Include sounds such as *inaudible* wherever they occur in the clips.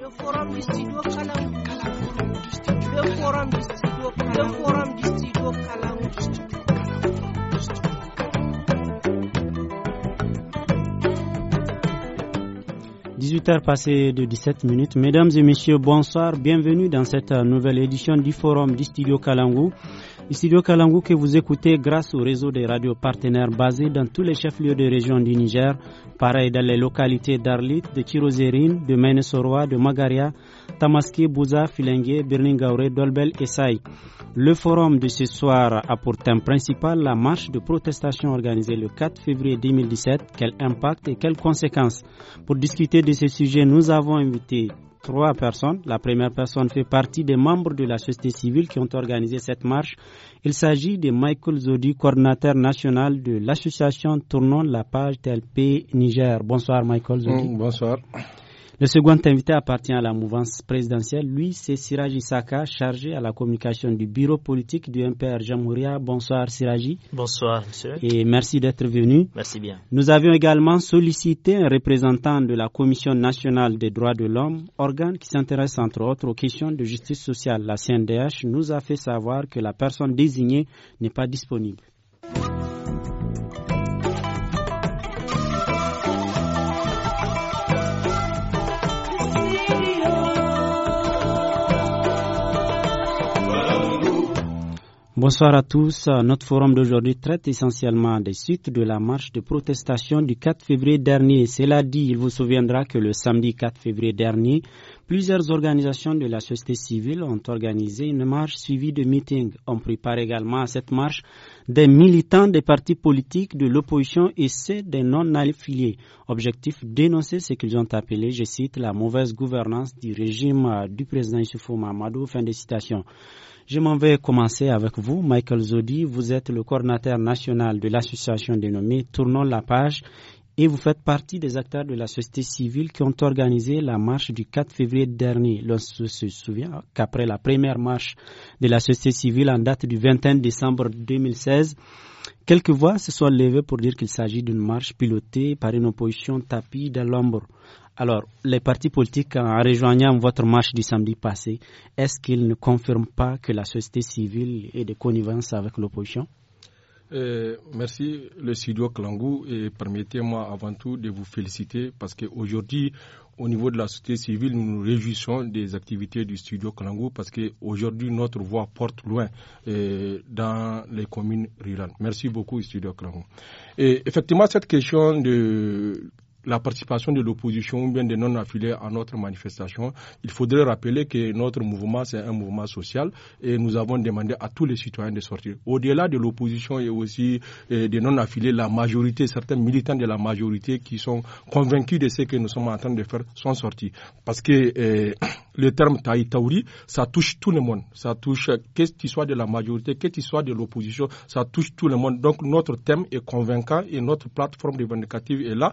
le forum du studio Kalangu, le forum du studio le forum du studio Kalangu. heures passées de 17 minutes. Mesdames et messieurs, bonsoir. Bienvenue dans cette nouvelle édition du Forum du Studio Kalangou. Istudio Kalangu que vous écoutez grâce au réseau des radios partenaires basés dans tous les chefs-lieux de région du Niger, pareil dans les localités d'Arlit, de Kirozérine, de Menesoroa, de Magaria, Tamaské, Bouza, Filengue, Birningaure, Dolbel et Saï. Le forum de ce soir a pour thème principal la marche de protestation organisée le 4 février 2017. Quel impact et quelles conséquences Pour discuter de ce sujet, nous avons invité trois personnes. La première personne fait partie des membres de la société civile qui ont organisé cette marche. Il s'agit de Michael Zodi, coordinateur national de l'association Tournons la page TLP Niger. Bonsoir Michael Zodi. Mm, bonsoir. Le second invité appartient à la mouvance présidentielle. Lui, c'est Siraji Saka, chargé à la communication du bureau politique du MPR Jamouria. Bonsoir Siraji. Bonsoir monsieur. Et merci d'être venu. Merci bien. Nous avions également sollicité un représentant de la Commission nationale des droits de l'homme, organe qui s'intéresse entre autres aux questions de justice sociale. La CNDH nous a fait savoir que la personne désignée n'est pas disponible. Bonsoir à tous. Notre forum d'aujourd'hui traite essentiellement des suites de la marche de protestation du 4 février dernier. Cela dit, il vous souviendra que le samedi 4 février dernier, plusieurs organisations de la société civile ont organisé une marche suivie de meetings. On prépare également à cette marche des militants des partis politiques de l'opposition et ceux des non-affiliés. Objectif dénoncer ce qu'ils ont appelé, je cite, la mauvaise gouvernance du régime du président Issoufou Mamadou. Fin de citation. Je m'en vais commencer avec vous, Michael Zodi. Vous êtes le coordinateur national de l'association dénommée Tournons la page et vous faites partie des acteurs de la société civile qui ont organisé la marche du 4 février dernier. L'on se souvient qu'après la première marche de la société civile en date du 21 décembre 2016, quelques voix se sont levées pour dire qu'il s'agit d'une marche pilotée par une opposition tapie dans l'ombre. Alors, les partis politiques, en rejoignant votre marche du samedi passé, est-ce qu'ils ne confirment pas que la société civile est de connivence avec l'opposition euh, merci, le studio Klangou, et permettez-moi avant tout de vous féliciter parce qu'aujourd'hui, au niveau de la société civile, nous nous réjouissons des activités du studio Klangou parce qu'aujourd'hui, notre voix porte loin euh, dans les communes rurales. Merci beaucoup, studio Klangou. Et effectivement, cette question de la participation de l'opposition ou bien des non-affiliés à notre manifestation, il faudrait rappeler que notre mouvement, c'est un mouvement social et nous avons demandé à tous les citoyens de sortir. Au-delà de l'opposition et aussi eh, des non-affiliés, la majorité, certains militants de la majorité qui sont convaincus de ce que nous sommes en train de faire sont sortis. Parce que eh, le terme Taïtauri, ça touche tout le monde. Ça touche, qu'est-ce qu'il soit de la majorité, qu'est-ce qu'il soit de l'opposition, ça touche tout le monde. Donc notre thème est convaincant et notre plateforme revendicative est là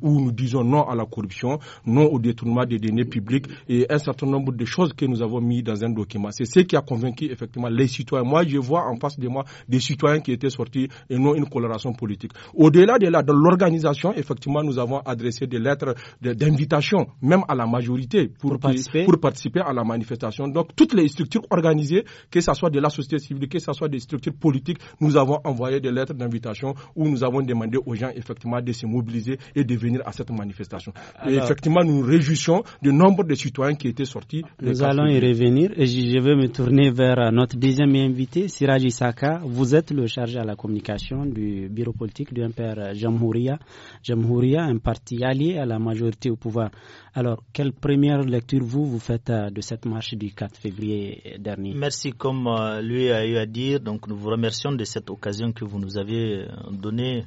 où nous disons non à la corruption, non au détournement des données publiques et un certain nombre de choses que nous avons mis dans un document. C'est ce qui a convaincu effectivement les citoyens. Moi, je vois en face de moi des citoyens qui étaient sortis et non une coloration politique. Au-delà de là, dans l'organisation, effectivement, nous avons adressé des lettres d'invitation, même à la majorité, pour, pour, participer. pour, participer. à la manifestation. Donc, toutes les structures organisées, que ce soit de la société civile, que ce soit des structures politiques, nous avons envoyé des lettres d'invitation où nous avons demandé aux gens, effectivement, de se mobiliser et de venir à cette manifestation. effectivement, nous réjouissons du nombre de citoyens qui étaient sortis. Nous allons y revenir et je vais me tourner vers notre deuxième invité, Siraj Isaka. Vous êtes le chargé à la communication du bureau politique du MPR Jamhouria. Jamhouria, un parti allié à la majorité au pouvoir. Alors, quelle première lecture vous, vous faites euh, de cette marche du 4 février dernier Merci. Comme euh, lui a eu à dire, donc nous vous remercions de cette occasion que vous nous avez euh, donnée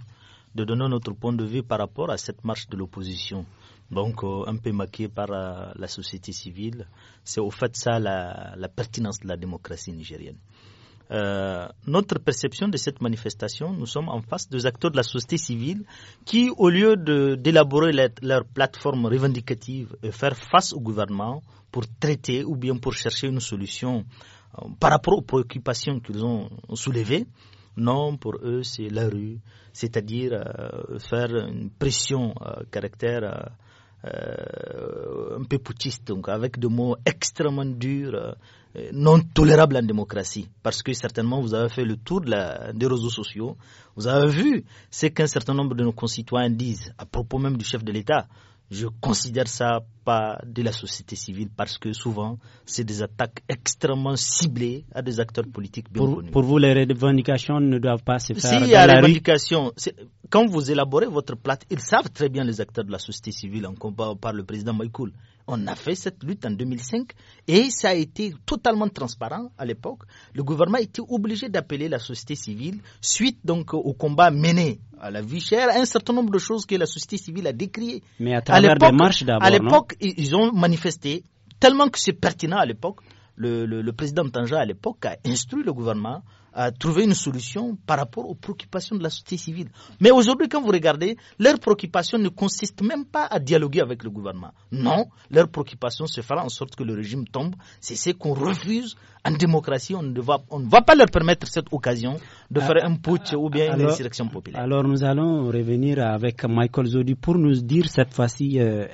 de donner notre point de vue par rapport à cette marche de l'opposition. Donc, euh, un peu maquée par euh, la société civile, c'est au fait ça la, pertinence de la démocratie nigérienne. Euh, notre perception de cette manifestation, nous sommes en face des acteurs de la société civile qui, au lieu d'élaborer leur plateforme revendicative et faire face au gouvernement pour traiter ou bien pour chercher une solution par rapport aux préoccupations qu'ils ont soulevées, non, pour eux, c'est la rue, c'est-à-dire euh, faire une pression à euh, caractère euh, un peu putiste, donc avec des mots extrêmement durs, non tolérables en démocratie. Parce que certainement, vous avez fait le tour des réseaux sociaux, vous avez vu ce qu'un certain nombre de nos concitoyens disent à propos même du chef de l'État. Je considère ça pas de la société civile parce que souvent, c'est des attaques extrêmement ciblées à des acteurs politiques bien pour, Pour vous, les revendications ne doivent pas se faire. S'il y a quand vous élaborez votre plate, ils savent très bien les acteurs de la société civile, en hein, combat par le président Maïkoul. On a fait cette lutte en 2005 et ça a été totalement transparent à l'époque. Le gouvernement était obligé d'appeler la société civile suite donc au combat mené à la vie chère, un certain nombre de choses que la société civile a décriées. Mais à travers des marches d'abord. À l'époque, ils ont manifesté tellement que c'est pertinent à l'époque. Le, le président Tanja à l'époque a instruit le gouvernement à trouver une solution par rapport aux préoccupations de la société civile. Mais aujourd'hui, quand vous regardez, leur préoccupations ne consiste même pas à dialoguer avec le gouvernement. Non, leur préoccupation, se faire en sorte que le régime tombe. C'est ce qu'on refuse en démocratie. On ne, va, pas leur permettre cette occasion de ah. faire un putsch ou bien une insurrection populaire. Alors nous allons revenir avec Michael Zodi pour nous dire cette fois-ci, euh,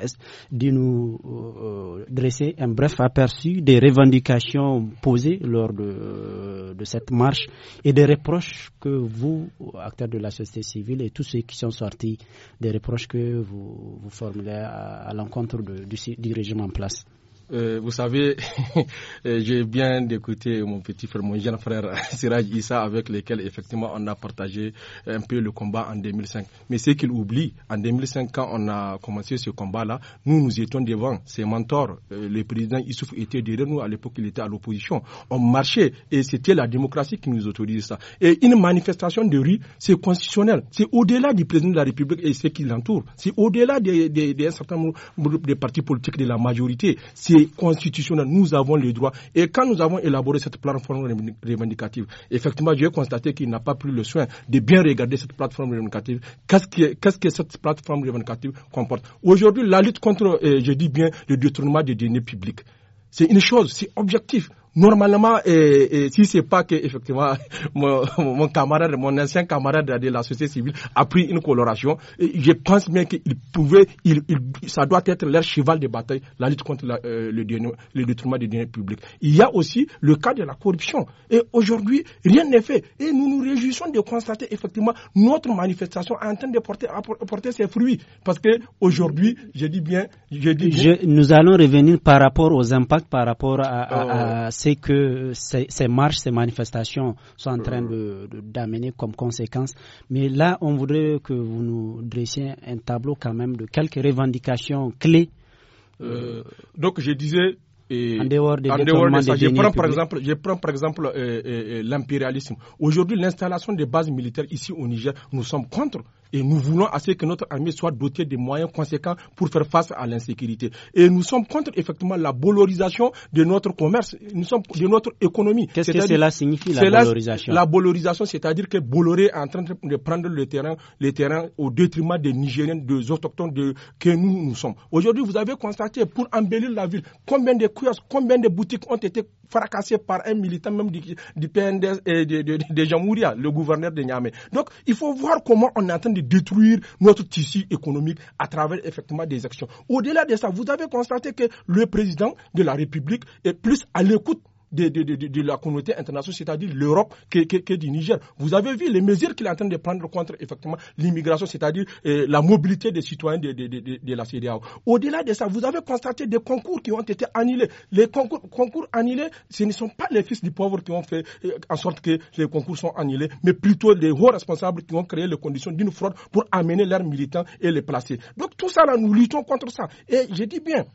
de nous euh, euh, dresser un bref aperçu des revendications posées lors de euh, cette marche et des reproches que vous, acteurs de la société civile et tous ceux qui sont sortis, des reproches que vous, vous formulez à, l'encontre du, du régime en place euh, vous savez, *laughs* euh, j'ai bien écouté mon petit frère, mon jeune frère *laughs* Siraj Issa, avec lequel effectivement on a partagé un peu le combat en 2005. Mais ce qu'il oublie, en 2005, quand on a commencé ce combat-là, nous, nous étions devant ses mentors. Euh, le président Issouf était derrière nous. À l'époque, il était à l'opposition. On marchait et c'était la démocratie qui nous autorise ça. Et une manifestation de rue, c'est constitutionnel. C'est au-delà du président de la République et ce qui l'entoure. C'est au-delà d'un certain nombre de partis politiques de la majorité constitutionnelle, constitutionnel. Nous avons le droit. Et quand nous avons élaboré cette plateforme revendicative, effectivement, j'ai constaté qu'il n'a pas pris le soin de bien regarder cette plateforme revendicative. Qu'est-ce que, cette plateforme revendicative comporte Aujourd'hui, la lutte contre, je dis bien, le détournement des données publics, c'est une chose, c'est objectif normalement, et, ce si c'est pas que effectivement *laughs* mon, camarade, mon ancien camarade de la société civile a pris une coloration, je pense bien qu'il pouvait, ça doit être leur cheval de bataille, la lutte contre euh, le, détournement des données publics. Il y a aussi le cas de la corruption. Et aujourd'hui, rien n'est fait. Et nous nous réjouissons de constater effectivement notre manifestation en train de porter, ses fruits. Parce que aujourd'hui, je dis bien, je dis nous allons revenir par rapport aux impacts, par rapport à euh, c'est que ces, marches, ces manifestations sont en train d'amener comme conséquence. Mais là, on voudrait que vous nous dressiez un tableau quand même de quelques revendications clés. Euh, donc je disais, en dehors, de je prends, par exemple, je prends par exemple euh, euh, euh, l'impérialisme. Aujourd'hui, l'installation des bases militaires ici au Niger, nous sommes contre. Et nous voulons à que notre armée soit dotée de moyens conséquents pour faire face à l'insécurité. Et nous sommes contre effectivement la bolorisation de notre commerce, de notre économie. Qu'est-ce que cela signifie la bolorisation La bolorisation, c'est-à-dire que Bolloré est en train de prendre le terrain, les terrains au détriment des Nigériens, des autochtones de, que nous, nous sommes. Aujourd'hui, vous avez constaté pour embellir la ville combien de combien de boutiques ont été fracassées par un militant même du, du et de, Jamouria, le gouverneur de Niamey. Donc, il faut voir comment on est en train de détruire notre tissu économique à travers effectivement des actions. Au-delà de ça, vous avez constaté que le président de la République est plus à l'écoute de, de, de, de la communauté internationale, c'est-à-dire l'Europe, que, du Niger. Vous avez vu les mesures qu'il est en train de prendre contre effectivement l'immigration, c'est-à-dire euh, la mobilité des citoyens de, de la CDAO. Au-delà de ça, vous avez constaté des concours qui ont été annulés. Les concours, annulés, ce ne sont pas les fils du pauvre qui ont fait euh, en sorte que les concours sont annulés, mais plutôt les hauts responsables qui ont créé les conditions d'une fraude pour amener leurs militants et les placer. Donc tout ça, là, nous luttons contre ça. Et je dis bien,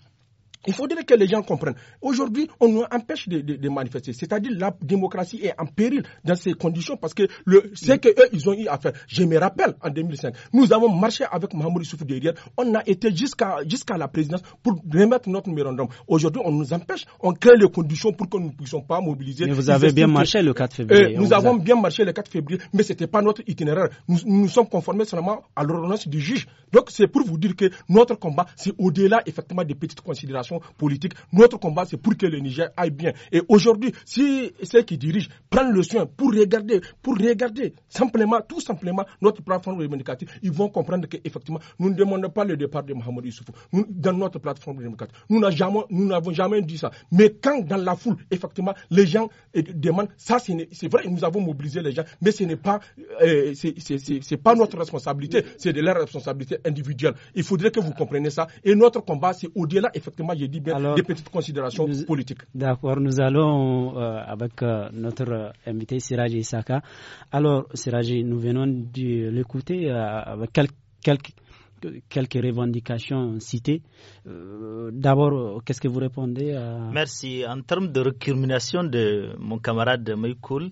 il faudrait que les gens comprennent. Aujourd'hui, on nous empêche de, manifester. C'est-à-dire la démocratie est en péril dans ces conditions parce que le, ce qu'eux, ils ont eu à faire. Je me rappelle, en 2005, nous avons marché avec Mahmoud Soufou derrière. On a été jusqu'à jusqu'à la présidence pour remettre notre mémorandum. Aujourd'hui, on nous empêche. On crée les conditions pour que nous ne puissions pas mobiliser. Mais vous euh, avez bien marché le 4 février. nous avons bien marché le 4 février, mais ce n'était pas notre itinéraire. Nous nous sommes conformés seulement à l'ordonnance du juge. Donc, c'est pour vous dire que notre combat, c'est au-delà, effectivement, des petites considérations politique. Notre combat, c'est pour que le Niger aille bien. Et aujourd'hui, si ceux qui dirigent prennent le soin pour regarder, pour regarder simplement, tout simplement, notre plateforme revendicative, ils vont comprendre qu'effectivement, nous ne demandons pas le départ de Mohamed Issoufou dans notre plateforme revendicative. Nous n'avons jamais, dit ça. Mais quand dans la foule, effectivement, les gens euh, demandent, ça c'est vrai, nous avons mobilisé les gens, mais ce n'est pas, euh, pas notre responsabilité, c'est de leur responsabilité individuelle. Il faudrait que vous compreniez ça. Et notre combat, c'est au-delà, effectivement, alors, des petites considérations politiques. D'accord, nous allons euh, avec euh, notre euh, invité Siraji Isaka. Alors, Siraji, nous venons de l'écouter avec quelques, quelques revendications citées. D'abord, qu'est-ce que vous répondez à... Merci. En termes de recrimination de mon camarade Maïkoul,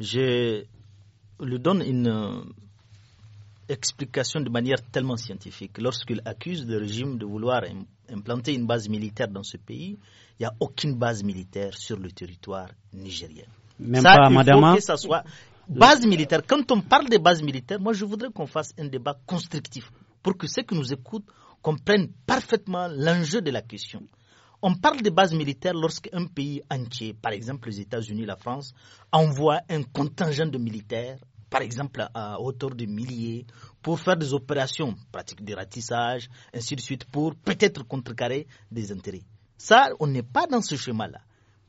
je lui donne une explication de manière tellement scientifique. Lorsqu'il accuse le régime de vouloir implanter une base militaire dans ce pays, il n'y a aucune base militaire sur le territoire nigérien. Même ça, pas, il hein? ça soit base militaire. Quand on parle de base militaire, moi je voudrais qu'on fasse un débat constructif pour que ceux qui nous écoutent comprennent parfaitement l'enjeu de la question. On parle de bases militaires lorsqu'un pays entier, par exemple les États-Unis, la France, envoie un contingent de militaires par exemple à hauteur de milliers, pour faire des opérations pratiques de ratissage, ainsi de suite, pour peut-être contrecarrer des intérêts. Ça, on n'est pas dans ce schéma-là.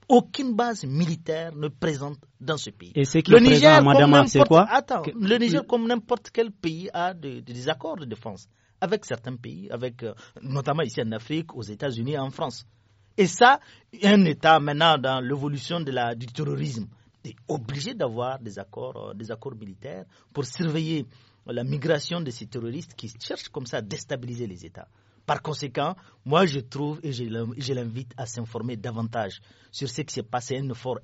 Aucune base militaire ne présente dans ce pays. Et le Niger, madame, c'est quoi le Niger, comme n'importe quel pays, a des, accords de défense avec certains pays, avec, euh, notamment ici en Afrique, aux États-Unis et en France. Et ça, un État maintenant dans l'évolution du terrorisme, est obligé d'avoir des accords, euh, des accords militaires pour surveiller la migration de ces terroristes qui cherchent comme ça à déstabiliser les États. Par conséquent, moi je trouve et je l'invite à s'informer davantage sur ce qui s'est passé, un effort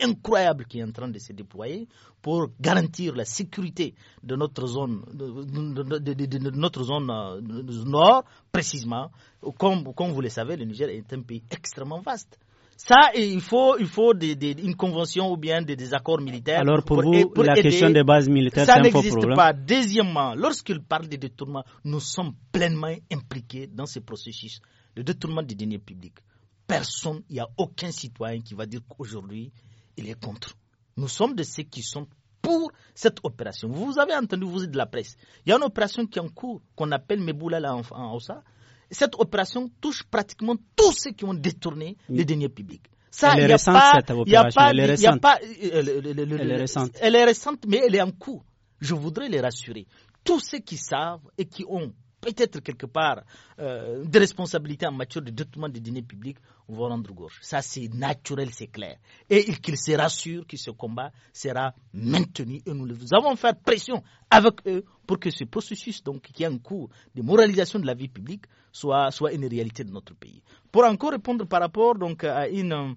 incroyable qui est en train de se déployer pour garantir la sécurité de notre zone, de, notre zone euh, nord, précisément. Comme, comme vous le savez, le Niger est un pays extrêmement vaste. Ça, il faut, il faut une convention ou bien des, accords militaires. Alors pour, la question des bases militaires, ça n'existe pas. Deuxièmement, lorsqu'il parle de détournement, nous sommes pleinement impliqués dans ce processus, le détournement des deniers publics. Personne, il n'y a aucun citoyen qui va dire qu'aujourd'hui, il est contre. Nous sommes de ceux qui sont pour cette opération. Vous avez entendu, vous êtes de la presse. Il y a une opération qui est en cours, qu'on appelle Meboula en, en cette opération touche pratiquement tous ceux qui ont détourné les deniers publics. elle est récente, cette opération. elle, est récente. elle est récente. mais elle est en cours. Je voudrais les rassurer. Tous ceux qui savent et qui ont peut-être quelque part euh, des responsabilités en matière de détournement des deniers publics vont rendre gauche. Ça, c'est naturel, c'est clair. Et qu'ils se rassurent que ce combat sera maintenu et nous, avons fait pression avec eux pour que ce processus donc, qui est en cours de moralisation de la vie publique soit, une réalité de notre pays. Pour encore répondre par rapport donc, à une.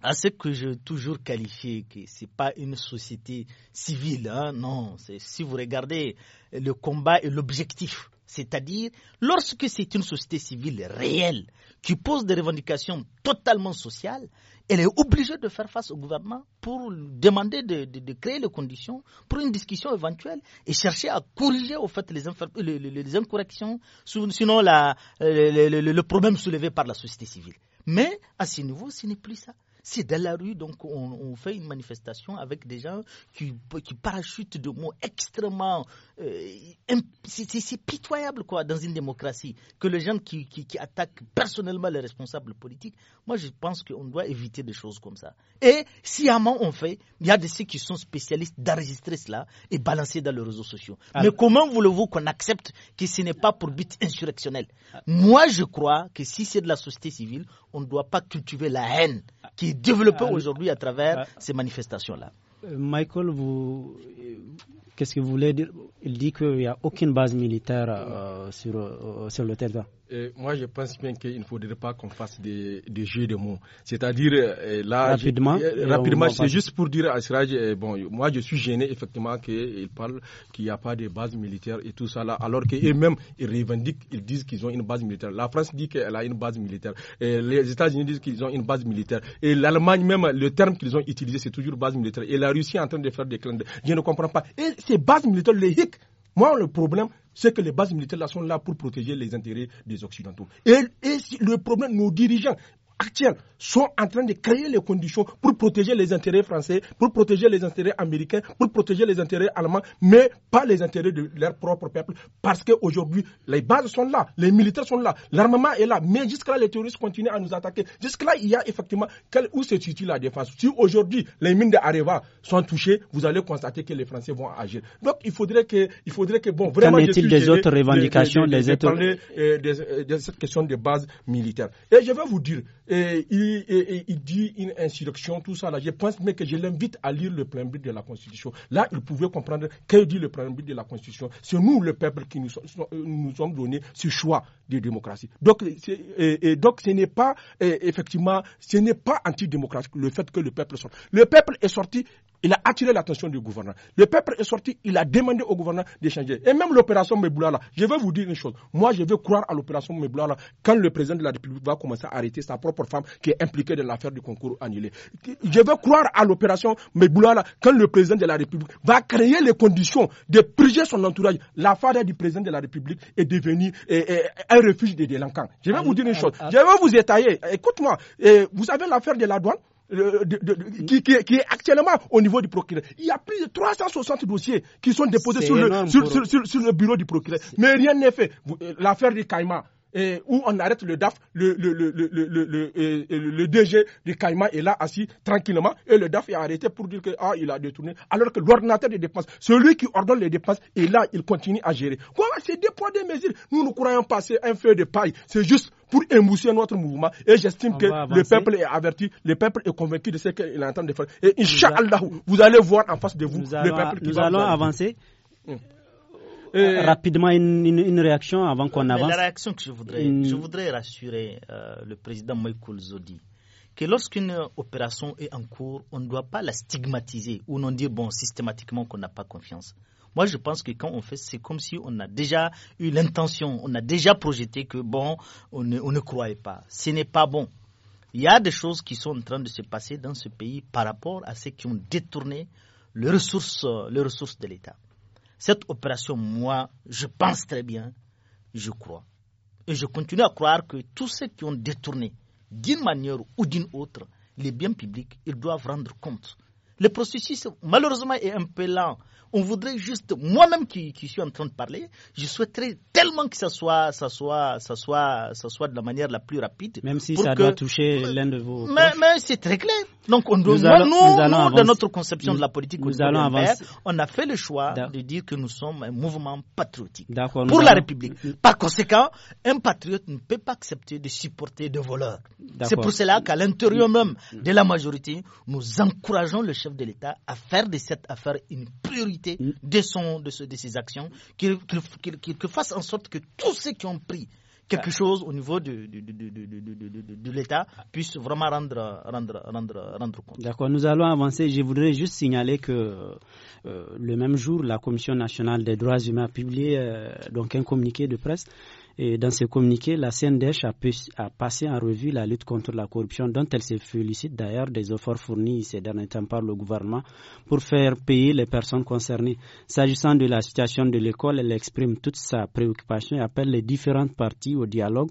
À ce que je toujours qualifié que ce n'est pas une société civile. Hein, non non, si vous regardez le combat et l'objectif, c'est-à-dire lorsque c'est une société civile réelle qui pose des revendications totalement sociales, elle est obligée de faire face au gouvernement pour demander de, créer les conditions pour une discussion éventuelle et chercher à corriger au fait les, les, les incorrections, sinon le problème soulevé par la société civile. Mais à ce niveau, ce n'est plus ça. C'est dans la rue, donc on, fait une manifestation avec des gens qui, parachutent de mots extrêmement... Euh, c'est pitoyable, quoi, dans une démocratie, que les gens qui, qui, attaquent personnellement les responsables politiques, moi je pense qu'on doit éviter des choses comme ça. Et sciemment, on fait, il y a de ceux qui sont spécialistes d'enregistrer cela et balancer dans les réseaux sociaux. Ah. Mais comment voulez-vous qu'on accepte que ce n'est pas pour but insurrectionnel ah. Moi, je crois que si c'est de la société civile, on ne doit pas cultiver la haine ah. qui développé ah, aujourd'hui à travers ah. ces manifestations-là. Euh, Michael, vous, euh, qu'est-ce que vous voulez dire Il dit qu'il n'y a aucune base militaire euh, sur, sur le terrain. Euh, moi, je pense bien qu'il ne faudrait pas qu'on fasse des, jeux de mots. C'est-à-dire, euh, là. Rapidement. Euh, rapidement, c'est juste pour dire à Siraj, bon, moi, je suis gêné, effectivement, qu'il parle qu'il n'y a pas de base militaire et tout ça là, alors qu'eux-mêmes, ils revendiquent, ils disent qu'ils ont une base militaire. La France dit qu'elle a une base militaire. les États-Unis disent qu'ils ont une base militaire. Et l'Allemagne, même, le terme qu'ils ont utilisé, c'est toujours base militaire. Et la Russie est en train de faire des Je ne comprends pas. Et ces bases militaires, les HIC, moi, le problème, c'est que les bases militaires sont là pour protéger les intérêts des Occidentaux. Et, et le problème, nos dirigeants, actuels sont en train de créer les conditions pour protéger les intérêts français, pour protéger les intérêts américains, pour protéger les intérêts allemands, mais pas les intérêts de leur propre peuple. Parce qu'aujourd'hui, les bases sont là, les militaires sont là, l'armement est là, mais jusque-là, les terroristes continuent à nous attaquer. Jusque-là, il y a effectivement où se situe la défense. Si aujourd'hui, les mines de Areva sont touchées, vous allez constater que les Français vont agir. Donc, il faudrait que, il faudrait que bon, vraiment. Qu'en est-il des autres revendications, des, autres... Parler, euh, euh, de cette question de base militaires. Et je vais vous dire, et, il, dit une insurrection, tout ça. Là. Je pense mais que je l'invite à lire le préambule de la Constitution. Là, il pouvait comprendre que dit le préambule de la Constitution. C'est nous, le peuple, qui nous, euh, nous sommes donné ce choix de démocratie. Donc, et, donc ce n'est pas, effectivement, ce n'est pas antidémocratique le fait que le peuple sorte. Le peuple est sorti il a attiré l'attention du gouvernement. Le peuple est sorti, il a demandé au gouvernement d'échanger. Et même l'opération là je vais vous dire une chose. Moi, je veux croire à l'opération là, quand le président de la République va commencer à arrêter sa propre femme qui est impliquée dans l'affaire du concours annulé. Je veux croire à l'opération là, quand le président de la République va créer les conditions de priger son entourage. La du président de la République est devenue un refuge des délinquants. Je vais vous dire une chose. je veux vous étayer. Écoute-moi. Vous savez l'affaire de la douane euh, qui, est, actuellement au niveau du procureur. Il y a plus de 360 dossiers qui sont déposés sur le, bureau du procureur. Mais rien n'est fait. Euh, l'affaire de Caïma, où on arrête le DAF, le, le, le, le, DG de Caïman est là assis tranquillement et le DAF est arrêté pour dire que ah, il a détourné. Alors que l'ordinateur des dépenses, celui qui ordonne les dépenses, est là, il continue à gérer. Comment ces deux points de mesure, Nous ne croyons pas, c'est un feu de paille. C'est juste pour émousser notre mouvement. Et j'estime que le peuple est averti, le peuple est convaincu de ce qu'il est en train de faire. Et Inch'Allah, vous allez voir en face de vous le peuple qui Nous allons avancer. Hum. Euh, euh, rapidement, une, réaction avant qu'on avance. La réaction que je voudrais, je voudrais rassurer euh, le président Michael Zodi que lorsqu'une opération est en cours, on ne doit pas la stigmatiser ou non dire bon systématiquement qu'on n'a pas confiance. Moi, je pense que quand on fait, c'est comme si on a déjà eu l'intention, on a déjà projeté que bon, on ne, on ne croyait pas. Ce n'est pas bon. Il y a des choses qui sont en train de se passer dans ce pays par rapport à ceux qui ont détourné les ressources, les ressources de l'État. Cette opération, moi, je pense très bien, je crois. Et je continue à croire que tous ceux qui ont détourné, d'une manière ou d'une autre, les biens publics, ils doivent rendre compte. Le processus, malheureusement, est un peu lent. On voudrait juste, moi-même qui, suis en train de parler, je souhaiterais tellement que ça soit, ça soit, ça soit, ça soit de la manière la plus rapide. Même si ça doit toucher l'un de vos. mais c'est très clair. Donc, on, nous, dans notre conception de la politique, nous on a fait le choix de dire que nous sommes un mouvement patriotique pour la République. Par conséquent, un patriote ne peut pas accepter de supporter des voleurs. C'est pour cela qu'à l'intérieur même de la majorité, nous encourageons le chef de l'État à faire de cette affaire une priorité de, son, de, ses actions, qu'il fasse en sorte que tous ceux qui ont pris quelque chose au niveau de, de, de, de l'État puisse vraiment rendre, rendre, rendre, rendre compte. D'accord, nous allons avancer. Je voudrais juste signaler que euh, le même jour, la Commission nationale des droits humains a publié euh, donc un communiqué de presse et dans ce communiqué, la CNDH a, pu, a, passé en revue la lutte contre la corruption, dont elle se félicite d'ailleurs des efforts fournis ces derniers temps par le gouvernement pour faire payer les personnes concernées. S'agissant de la situation de l'école, elle exprime toute sa préoccupation et appelle les différentes parties au dialogue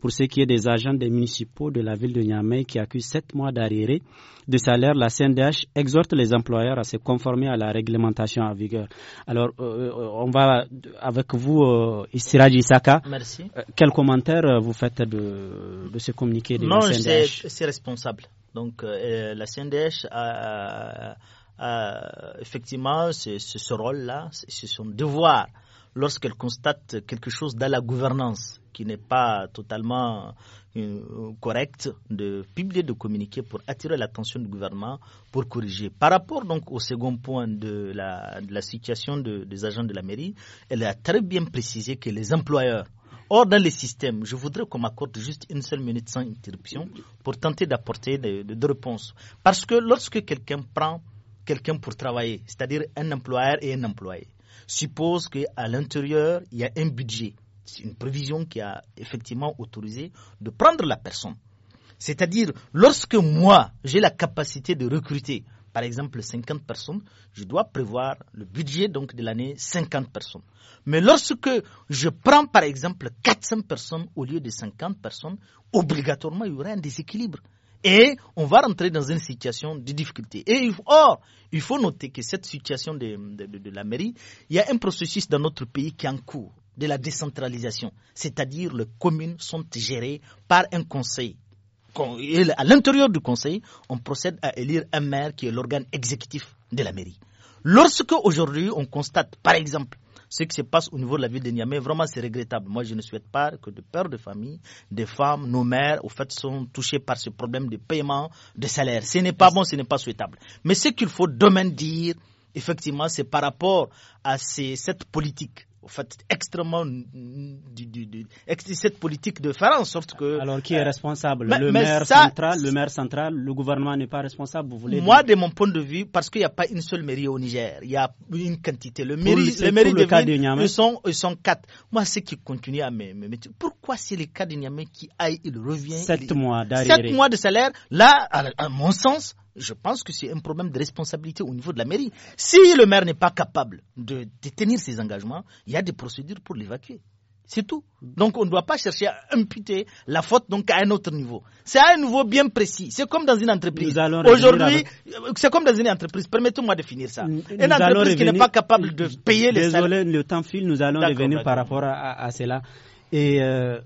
pour ce qui est des agents des municipaux de la ville de Niamey qui accusent sept mois d'arriéré de salaire, la CNDH exhorte les employeurs à se conformer à la réglementation en vigueur. Alors, euh, euh, on va avec vous, euh, Isiraj Merci. Euh, quel commentaire vous faites de, ce communiqué de non, la CNDH Non, c'est responsable. Donc, la CNDH a, effectivement ce rôle-là, c'est son devoir lorsqu'elle constate quelque chose dans la gouvernance qui n'est pas totalement euh, correct correcte de publier de communiquer pour attirer l'attention du gouvernement pour corriger. Par rapport donc au second point de la, situation des agents de la mairie, elle a très bien précisé que les employeurs Or, dans les systèmes, je voudrais qu'on m'accorde juste une seule minute sans interruption pour tenter d'apporter des, réponses. Parce que lorsque quelqu'un prend quelqu'un pour travailler, c'est-à-dire un employeur et un employé, suppose qu'à l'intérieur, il y a un budget c'est une prévision qui a effectivement autorisé de prendre la personne. C'est-à-dire, lorsque moi, j'ai la capacité de recruter, par exemple, 50 personnes, je dois prévoir le budget de l'année 50 personnes. Mais lorsque je prends, par exemple, 400 personnes au lieu de 50 personnes, obligatoirement, il y aura un déséquilibre. Et on va rentrer dans une situation de difficulté. or, il faut noter que cette situation de la mairie, il y a un processus dans notre pays qui est en cours de la décentralisation, c'est-à-dire les communes sont gérées par un conseil. À l'intérieur du conseil, on procède à élire un maire qui est l'organe exécutif de la mairie. Lorsque aujourd'hui on constate, par exemple, ce qui se passe au niveau de la ville de Niamey, vraiment c'est regrettable. Moi, je ne souhaite pas que de pères de famille, des femmes, nos mères, au fait, sont touchés par ce problème de paiement de salaire. Ce n'est pas bon, ce n'est pas souhaitable. Mais ce qu'il faut demain dire, effectivement, c'est par rapport à ces, cette politique fait, extrêmement du, du, du, cette politique de faire en sorte que. Alors qui est euh, responsable le, maire central, le maire central, le gouvernement n'est pas responsable, vous voulez Moi, de mon point de vue, parce qu'il n'y a pas une seule mairie au Niger, il y a une quantité. Le mairie, le mairie de, cas ils, sont, ils sont quatre. Moi, c'est qui continue à me, Pourquoi c'est le cas de Niamey qui aille, il revient Sept mois Sept mois de salaire, là, à mon sens, je pense que c'est un problème de responsabilité au niveau de la mairie. Si le maire n'est pas capable de, détenir tenir ses engagements, il y a des procédures pour l'évacuer. C'est tout. Donc on ne doit pas chercher à imputer la faute donc à un autre niveau. C'est à un niveau bien précis. C'est comme dans une entreprise. Aujourd'hui, euh, c'est comme dans une entreprise. Permettez-moi de finir ça. une entreprise qui n'est pas capable de payer les salaires. Désolé, le temps file. Nous allons revenir par rapport à, cela. Et euh,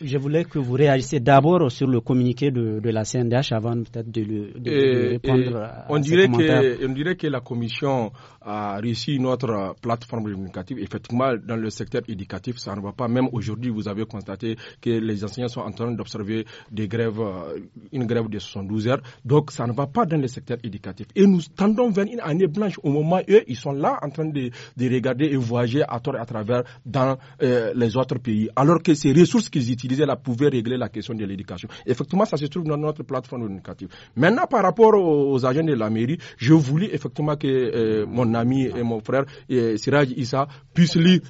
je voulais que vous réagissiez d'abord sur le communiqué de, la CNDH avant peut-être de, de, répondre à On dirait que la commission a réussi notre euh, plateforme communicative Effectivement, dans le secteur éducatif, ça ne va pas. Même aujourd'hui, vous avez constaté que les enseignants sont en train d'observer des grèves, euh, une grève de 72 heures. Donc, ça ne va pas dans le secteur éducatif. Et nous tendons vers une année blanche au moment où ils sont là en train de, de regarder et voyager à tort à travers dans euh, les autres pays. Alors que ces ressources qu'ils utilisaient là pouvaient régler la question de l'éducation. Effectivement, ça se trouve dans notre plateforme éducative. Maintenant, par rapport aux, agents de la mairie, je voulais effectivement que mon mon ami et mon frère Siraj Issa puisse lire.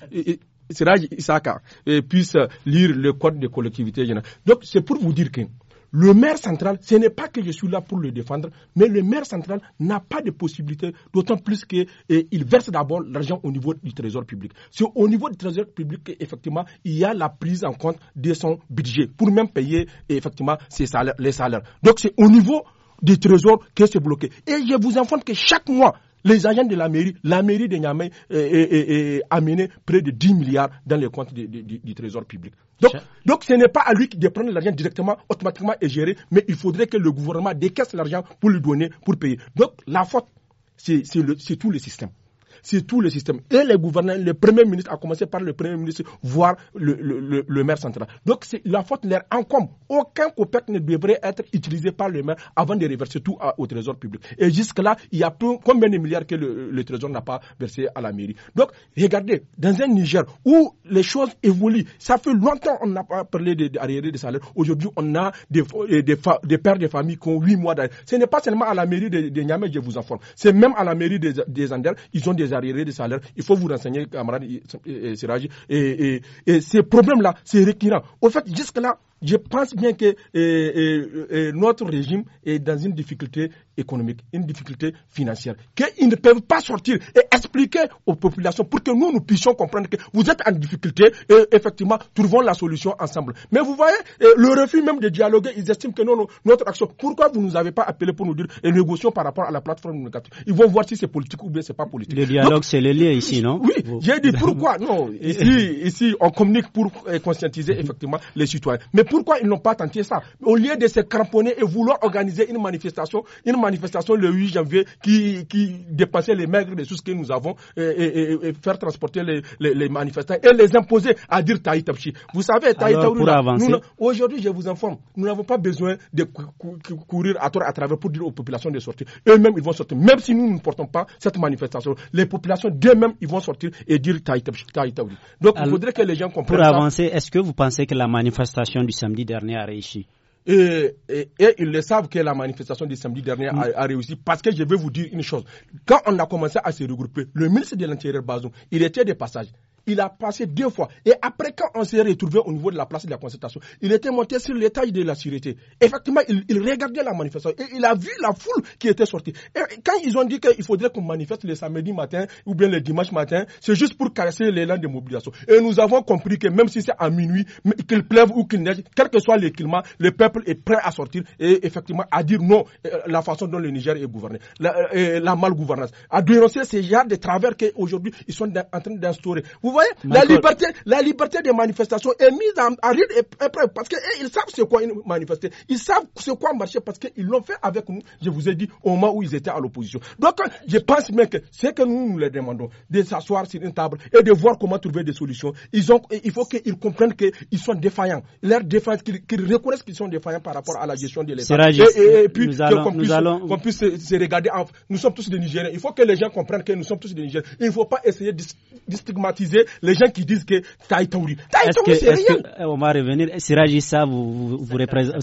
Siraj puisse lire le code de collectivité. générales. Donc c'est pour vous dire que le maire central, ce n'est pas que je suis là pour le défendre, mais le maire central n'a pas de possibilité, d'autant plus qu'il verse d'abord l'argent au niveau du trésor public. C'est au niveau du trésor public qu'effectivement, il y a la prise en compte de son budget pour même payer effectivement ses les salaires. Donc c'est au niveau du trésor que c'est bloqué. Et je vous informe que chaque mois, les agents de la mairie, la mairie de Niamey a amené près de 10 milliards dans les comptes du, trésor public. Donc, donc ce n'est pas à lui de prendre l'argent directement, automatiquement et gérer, mais il faudrait que le gouvernement décaisse l'argent pour lui donner, pour payer. Donc la faute, c'est tout le système c'est tout le système. Et les gouvernants, le premier ministre, a commencé par le premier ministre, voire le, le, le, maire central. Donc la faute l'air encombre. Aucun COPEC ne devrait être utilisé par le maire avant de reverser tout à, au trésor public. Et jusque-là, il y a combien de milliards que le, trésor n'a pas versé à la mairie. Donc regardez, dans un Niger où les choses évoluent, ça fait longtemps qu'on n'a pas parlé d'arriérés de, de salaire. Aujourd'hui, on a des, des, des, pères de famille qui ont 8 mois d'arriérés. Ce n'est pas seulement à la mairie de, de Niamey, je vous informe. C'est même à la mairie des, des Anders, ils ont des de Il faut vous renseigner, camarade Siraji Et, et, et, ces problèmes-là, c'est récurrent. Au fait, jusque-là, je pense bien que euh, euh, euh, notre régime est dans une difficulté économique, une difficulté financière, qu'ils ne peuvent pas sortir et expliquer aux populations pour que nous, nous puissions comprendre que vous êtes en difficulté et effectivement, trouvons la solution ensemble. Mais vous voyez, le refus même de dialoguer, ils estiment que non, notre action, pourquoi vous ne nous avez pas appelé pour nous dire et négocions par rapport à la plateforme négative Ils vont voir si c'est politique ou bien c'est pas politique. Le dialogue, c'est le lien ici, non Oui, j'ai dit pourquoi Non, *laughs* ici, ici, on communique pour conscientiser effectivement les citoyens. Mais pourquoi ils n'ont pas tenté ça Au lieu de se cramponner et vouloir organiser une manifestation, une manifestation le 8 janvier qui, qui dépassait les maigres ce que nous avons et, faire transporter les, manifestants et les imposer à dire Taïtabchi. Vous savez, avancer... aujourd'hui, je vous informe, nous n'avons pas besoin de courir à, à travers pour dire aux populations de sortir. Eux-mêmes, ils vont sortir. Même si nous ne portons pas cette manifestation, les populations d'eux-mêmes, ils vont sortir et dire Taïtabchi. Donc, il faudrait que les gens comprennent. Pour avancer, est-ce que vous pensez que la manifestation du samedi dernier a réussi. Et, ils le savent que la manifestation du samedi dernier a, réussi parce que je vais vous dire une chose. Quand on a commencé à se regrouper, le ministre de l'Intérieur Bazoum, il était des passages il a passé deux fois. Et après, quand on s'est retrouvé au niveau de la place de la concertation, il était monté sur l'étage de la sécurité. Effectivement, il, regardait la manifestation et il a vu la foule qui était sortie. Et quand ils ont dit qu'il faudrait qu'on manifeste le samedi matin ou bien le dimanche matin, c'est juste pour caresser l'élan de mobilisation. Et nous avons compris que même si c'est à minuit, qu'il pleuve ou qu'il neige, quel que soit le climat, le peuple est prêt à sortir et effectivement à dire non à euh, la façon dont le Niger est gouverné, la, euh, la mal-gouvernance, à dénoncer ces genres de travers qu'aujourd'hui ils sont en train d'instaurer la liberté, la liberté des manifestations est mise en, rude épreuve parce qu'ils savent ce quoi une manifester. Ils savent c'est quoi marcher parce qu'ils l'ont fait avec nous, je vous ai dit, au moment où ils étaient à l'opposition. Donc, je pense même que ce que nous, nous leur demandons, de s'asseoir sur une table et de voir comment trouver des solutions, ils ont, il faut qu'ils comprennent qu'ils sont défaillants. Leur défense, qu'ils reconnaissent qu'ils sont défaillants par rapport à la gestion de l'État. Et, puis, qu'on puisse, puisse se, regarder. nous sommes tous des Nigériens. Il faut que les gens comprennent que nous sommes tous des Nigériens. Il ne faut pas essayer de stigmatiser les gens qui disent que Taïtouri. Taïtaouri, c'est rien. Euh, on va revenir. Siraj Issa, vous, représentez,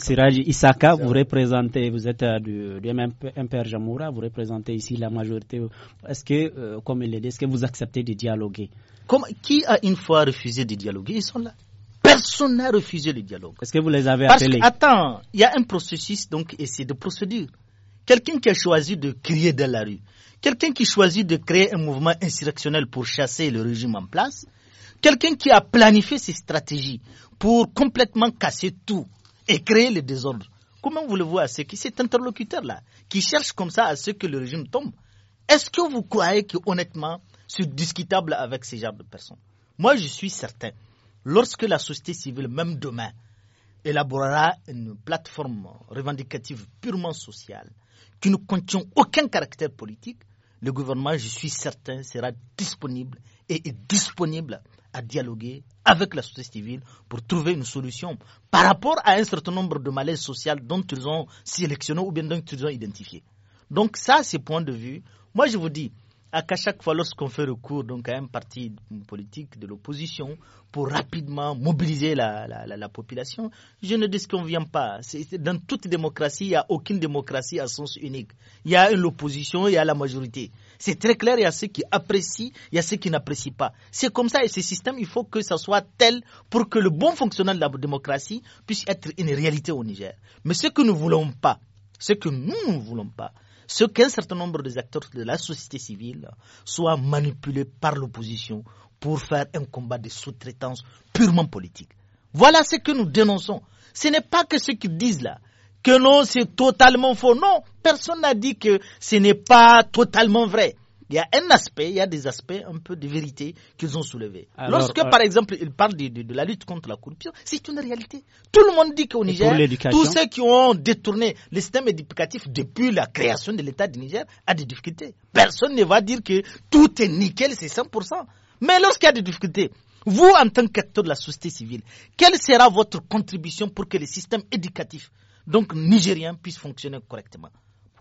vous représentez, êtes euh, du, du MPR Jamoura, vous représentez ici la majorité. Est-ce que, euh, comme il est dit, est-ce que vous acceptez de dialoguer Qui a une fois refusé de dialoguer Ils sont là. Personne n'a refusé le dialogue. Est-ce que vous les avez appelés attends, il y a un processus, donc, et c'est de procédure. Quelqu'un qui a choisi de crier dans la rue, quelqu'un qui choisit de créer un mouvement insurrectionnel pour chasser le régime en place, quelqu'un qui a planifié ses stratégies pour complètement casser tout et créer le désordre. Comment voulez-vous à ce qui cet interlocuteur-là, qui cherche comme ça à ce que le régime tombe Est-ce que vous croyez que honnêtement, c'est discutable avec ces genre de personnes Moi, je suis certain. Lorsque la société civile, même demain, élaborera une plateforme revendicative purement sociale, qui ne contient aucun caractère politique, le gouvernement, je suis certain, sera disponible et est disponible à dialoguer avec la société civile pour trouver une solution par rapport à un certain nombre de malaises sociaux dont ils ont sélectionné ou bien dont ils ont identifié. Donc ça, c'est point de vue. Moi, je vous dis, à chaque fois, lorsqu'on fait recours donc, à un parti politique de l'opposition pour rapidement mobiliser la, la, la, ne population, je ne vient pas. Dans toute démocratie, il n'y a aucune démocratie à sens unique. Il y a l'opposition, il y a la majorité. C'est très clair, il y a ceux qui apprécient, il y a ceux qui n'apprécient pas. C'est comme ça et ce système, il faut que ça soit tel pour que le bon fonctionnement de la démocratie puisse être une réalité au Niger. Mais ce que nous ne voulons pas, ce que nous ne voulons pas, ce qu'un certain nombre des acteurs de la société civile soient manipulés par l'opposition pour faire un combat de sous-traitance purement politique. Voilà ce que nous dénonçons. Ce n'est pas que ceux qui disent là, que non, c'est totalement faux. Non, personne n'a dit que ce n'est pas totalement vrai il y a un aspect, il y a des aspects un peu de vérité qu'ils ont soulevé. Lorsque, euh, par exemple, ils parlent de, la lutte contre la corruption, c'est une réalité. Tout le monde dit qu'au Niger, tous ceux qui ont détourné le système éducatif depuis la création de l'État du Niger a des difficultés. Personne ne va dire que tout est nickel, c'est 100%. Mais lorsqu'il y a des difficultés, vous, en tant qu'acteur de la société civile, quelle sera votre contribution pour que le système éducatif, donc nigérien, puisse fonctionner correctement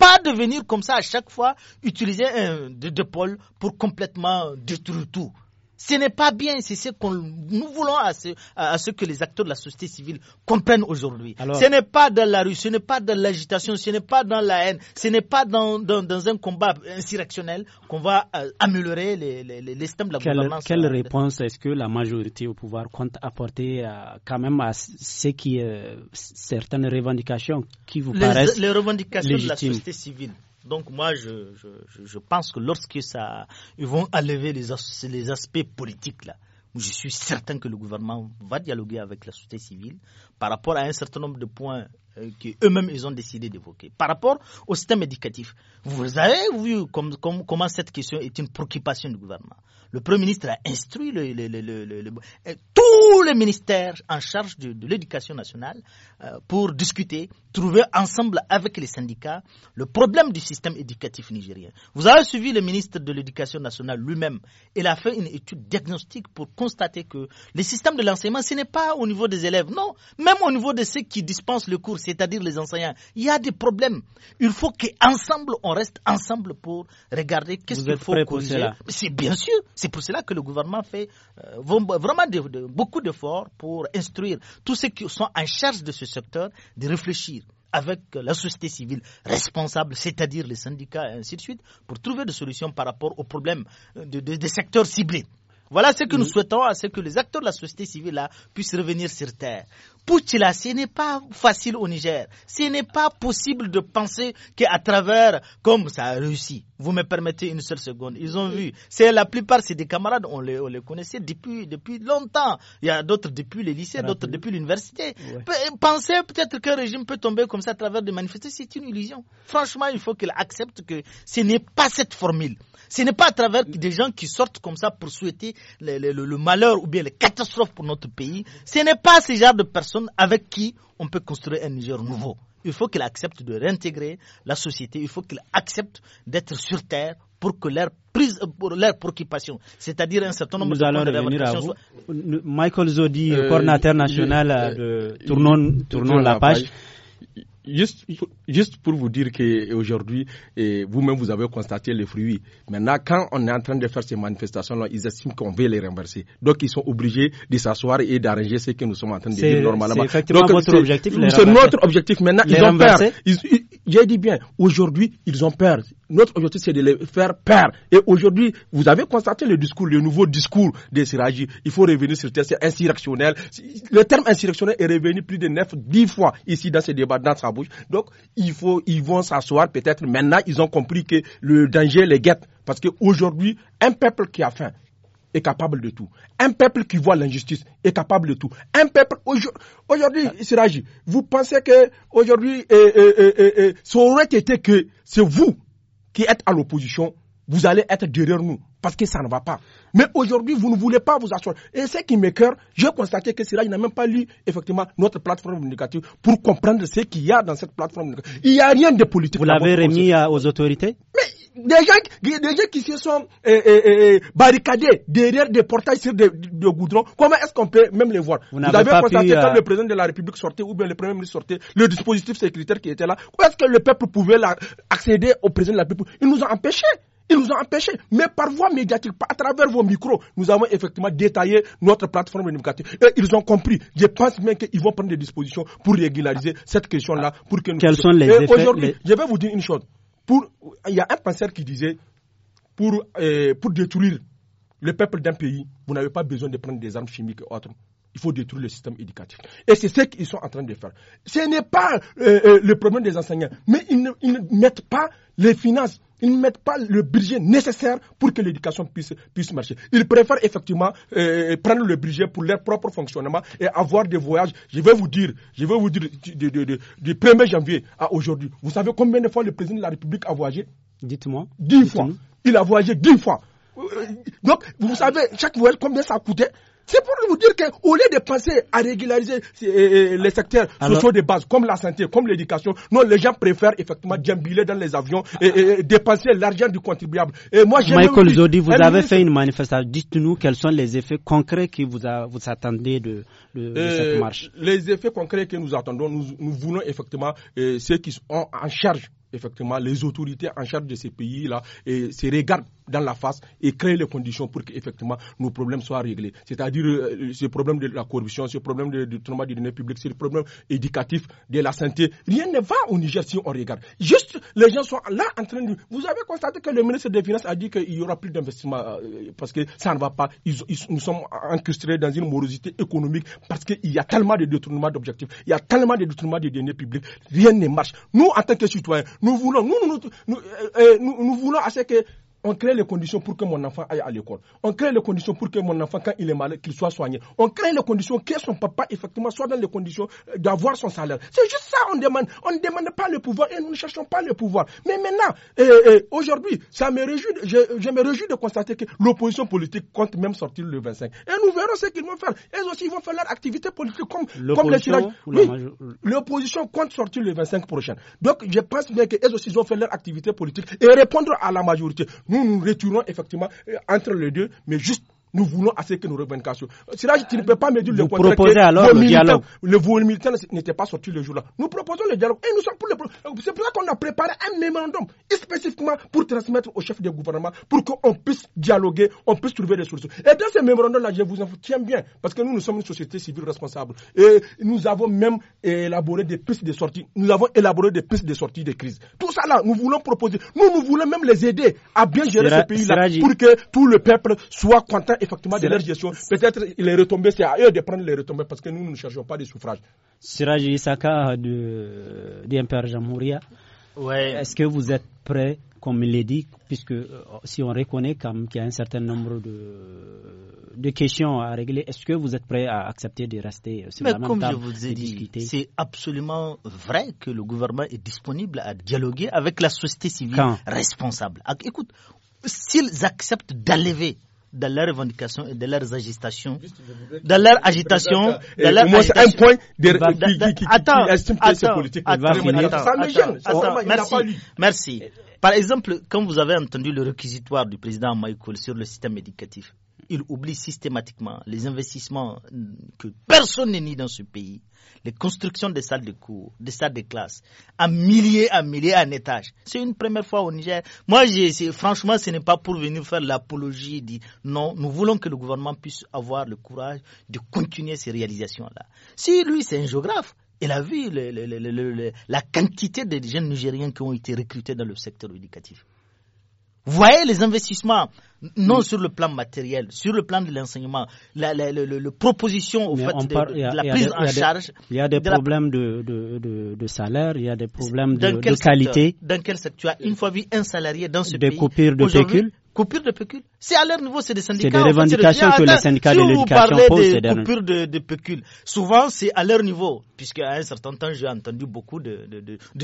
pas de venir comme ça à chaque fois utiliser un, de deux pôles pour complètement détruire tout. Ce n'est pas bien, c'est ce que nous voulons à ce, que les acteurs de la société civile comprennent aujourd'hui. Ce n'est pas dans la rue, ce n'est pas dans l'agitation, ce n'est pas dans la haine, ce n'est pas dans, un combat insurrectionnel qu'on va euh, améliorer les, de la gouvernance. Quelle euh, réponse est-ce que la majorité au pouvoir compte apporter euh, quand même à ce qui certaines revendications qui vous paraissent les, revendications de la société civile donc moi, je, je, je pense que lorsque ça, ils vont enlever les, les aspects politiques là, je suis certain que le gouvernement va dialoguer avec la société civile par rapport à un certain nombre de points euh, qu'eux-mêmes ils ont décidé d'évoquer. Par rapport au système éducatif, vous avez vu comment cette question est une préoccupation du gouvernement. Le Premier ministre a instruit euh, tous les ministères en charge de, l'éducation nationale euh, pour discuter, trouver ensemble avec les syndicats le problème du système éducatif nigérien. Vous avez suivi le ministre de l'Éducation nationale lui-même. Il a fait une étude diagnostique pour constater que le système de l'enseignement, ce n'est pas au niveau des élèves, non, même au niveau de ceux qui dispensent le cours, c'est-à-dire les enseignants. Il y a des problèmes. Il faut qu'ensemble, on reste ensemble pour regarder qu'est-ce qu'il faut corriger. C'est bien sûr, c'est pour cela que le gouvernement fait euh, vraiment beaucoup d'efforts pour instruire tous ceux qui sont en charge de ce secteur de réfléchir avec euh, la société civile responsable, c'est-à-dire les syndicats et ainsi de suite, pour trouver des solutions par rapport aux problèmes euh, des secteurs ciblés. Voilà ce que nous souhaitons, c'est que les acteurs de la société civile puissent revenir sur Terre, là ce n'est pas facile au Niger. Ce n'est pas possible de penser qu'à travers, comme ça a réussi. Vous me permettez une seule seconde. Ils ont vu. C'est la plupart, c'est des camarades, on les, connaissait depuis, depuis longtemps. Il y a d'autres depuis les lycées, d'autres depuis l'université. Penser peut-être qu'un régime peut tomber comme ça à travers des manifestations, c'est une illusion. Franchement, il faut qu'ils acceptent que ce n'est pas cette formule. Ce n'est pas à travers des gens qui sortent comme ça pour souhaiter le, le malheur ou bien les catastrophes pour notre pays. Ce n'est pas ce genre de personnes avec qui on peut construire un Niger nouveau. Il faut qu'il accepte de réintégrer la société, il faut qu'il accepte d'être sur terre pour que leur prise, pour leur préoccupation, c'est-à-dire un certain nombre Nous de allons revenir à vous. Michael Zodi, coordinateur euh, national euh, de Tournons, la page juste, juste pour vous dire qu'aujourd'hui, vous-même, vous avez constaté les fruits. Maintenant, quand on est en train de faire ces manifestations-là, ils estiment qu'on veut les renverser. Donc, ils sont obligés de s'asseoir et d'arranger ce que nous sommes en train de dire normalement. C'est objectif. C'est notre objectif. Maintenant, ils ont j'ai dit bien, aujourd'hui, ils ont peur. Notre objectif, c'est de les faire peur. Et aujourd'hui, vous avez constaté le discours, le nouveau discours de Siraji. Il faut revenir sur le terme insurrectionnel. Le terme insurrectionnel est revenu plus de 9, 10 fois ici dans ce débat, dans sa bouche. Donc, ils vont s'asseoir peut-être. Maintenant, ils ont compris que le danger les guette. Parce qu'aujourd'hui, un peuple qui a faim, est capable de tout. Un peuple qui voit l'injustice est capable de tout. Un peuple aujourd'hui, ah. Siraji, vous pensez que aujourd'hui, euh, euh, euh, ça aurait été que c'est vous qui êtes à l'opposition, vous allez être derrière nous parce que ça ne va pas. Mais aujourd'hui, vous ne voulez pas vous assurer. Et ce qui m'écœure, Je constaté que Siraji n'a même pas lu effectivement notre plateforme négative pour comprendre ce qu'il y a dans cette plateforme Il n'y a rien de politique. Vous l'avez remis aux autorités Mais des gens, qui se sont euh, euh, euh, barricadés derrière des portails sur des, de goudron, comment est-ce qu'on peut même les voir Vous, avez constaté quand le président de la République sortait ou bien le premier ministre sortait, le dispositif sécuritaire qui était là, où est-ce que le peuple pouvait accéder au président de la République Ils nous ont empêchés. Ils nous ont empêchés, mais par voie médiatique, à travers vos micros, nous avons effectivement détaillé notre plateforme éducative. Et ils ont compris. Je pense même qu'ils vont prendre des dispositions pour régulariser cette question-là. Pour que nous Quels sont les Aujourd'hui, je vais vous dire une chose il y a un penseur qui disait, pour, euh, pour détruire le peuple d'un pays, vous n'avez pas besoin de prendre des armes chimiques et autres. Il faut détruire le système éducatif. Et c'est ce qu'ils sont en train de faire. Ce n'est pas euh, euh, le problème des enseignants, mais ils ne mettent pas les finances ils ne mettent pas le budget nécessaire pour que l'éducation puisse, puisse marcher. Ils préfèrent effectivement euh, prendre le budget pour leur propre fonctionnement et avoir des voyages. Je vais vous dire, je vais vous dire du, 1er janvier à aujourd'hui. Vous savez combien de fois le président de la République a voyagé Dites-moi. Dix fois. Il a voyagé dix fois. Euh, donc, vous savez, chaque voyage, combien ça coûtait c'est pour vous dire qu'au lieu de penser à régulariser euh, euh, les secteurs sociaux de base, comme la santé, comme l'éducation, non, les gens préfèrent effectivement jambiler dans les avions et, dépenser l'argent du contribuable. Et moi, Michael Zodi, vous avez fait une manifestation. Dites-nous quels sont les effets concrets que vous, vous attendez de, euh, les effets concrets que nous attendons, nous, voulons effectivement euh, ceux qui sont en charge effectivement les autorités en charge de ces pays-là se regardent dans la face et créent les conditions pour que effectivement nos problèmes soient réglés. C'est-à-dire euh, ce problème de la corruption, ce problème de, trauma traitement des données publiques, ce problème éducatif, de la santé. Rien ne va au Niger si on regarde. Juste, les gens sont là en train de... Vous avez constaté que le ministre des Finances a dit qu'il n'y aura plus d'investissement parce que ça ne va pas. nous sommes encastrés dans une morosité économique parce qu'il y a tellement de détournements d'objectifs, il y a tellement de détournements de données publiques, rien ne marche. Nous, en tant que citoyens, nous voulons, nous, nous euh, euh, voulons à ce que on crée les conditions pour que mon enfant aille à l'école. On crée les conditions pour que mon enfant, quand il est malade, qu'il soit soigné. On crée les conditions que son papa, effectivement, soit dans les conditions euh, d'avoir son salaire. C'est juste ça qu'on demande. On ne demande pas le pouvoir et nous ne cherchons pas le pouvoir. Mais maintenant, euh, euh, aujourd'hui, ça me réjouit, je, me réjouis de constater que l'opposition politique compte même sortir le 25. Et nous verrons ce qu'ils vont faire. Elles aussi vont faire leur activité politique comme, comme les l'opposition compte sortir le 25 prochain. Donc, je pense bien qu'elles aussi vont faire leur activité politique et répondre à la majorité. Nous nous retirons effectivement euh, entre les deux, mais juste nous voulons assez que nos revendications. Là, euh, tu ne peux pas me dire le contraire. Proposez alors le, dialogue. militaire n'était pas sorti le jour-là. Nous proposons le dialogue et nous sommes pour le. Euh, c'est pour ça qu'on a préparé un mémorandum spécifiquement pour transmettre au chef de gouvernement pour qu'on puisse dialoguer, on puisse trouver des solutions. Et dans ce mémorandum-là, je vous en tiens bien parce que nous, nous sommes une société civile responsable et nous avons même élaboré des pistes de sortie. Nous avons élaboré des pistes de sortie des crises. Tout ça là, nous voulons proposer. Nous, nous voulons même les aider à bien gérer ce pays-là pour que tout le peuple soit content effectivement de leur gestion. Peut-être est retombé, c'est à eux de prendre les retombées parce que nous, nous ne cherchons pas de suffrage. Siraj Isaka euh, d'Imper Jamouria, ouais. est-ce que vous êtes prêt, comme il l'a dit, puisque euh, si on reconnaît qu'il y a un certain nombre de, de questions à régler, est-ce que vous êtes prêt à accepter de rester euh, sur comme je vous ai dit, c'est absolument vrai que le gouvernement est disponible à dialoguer avec la société civile responsable. Écoute, s'ils acceptent d'enlever de leurs revendications et de leurs agitations, de leurs agitation, au leur c'est un point de, qui, qui, attends, attends, merci. Par exemple, quand vous avez entendu le réquisitoire du président Michael sur le système éducatif, il oublie systématiquement les investissements mm, que personne n'est ni dans ce pays, les constructions des salles de cours, des salles de classe, à milliers, à milliers, d'étages. C'est une première fois au Niger. Moi, franchement, ce n'est pas pour venir faire l'apologie. Non, nous voulons que le gouvernement puisse avoir le courage de continuer ces réalisations-là. Si lui, c'est un géographe, il a vu la quantité de jeunes Nigériens qui ont été recrutés dans le secteur éducatif voyez les investissements non mm. sur le plan matériel, sur le plan de l'enseignement, la, la, proposition au de, la prise en charge. Il y a des, de problèmes de, salaire, il y a des problèmes de, qualité. dans quel secteur Une fois vu un salarié dans ce pays, coupure de pécule. C'est à leur niveau, c'est des syndicats. C'est des revendications que les syndicats de l'éducation posent. Vous parlez des coupures de, pécule. Souvent, c'est à leur niveau, puisque à un certain temps, j'ai entendu beaucoup de,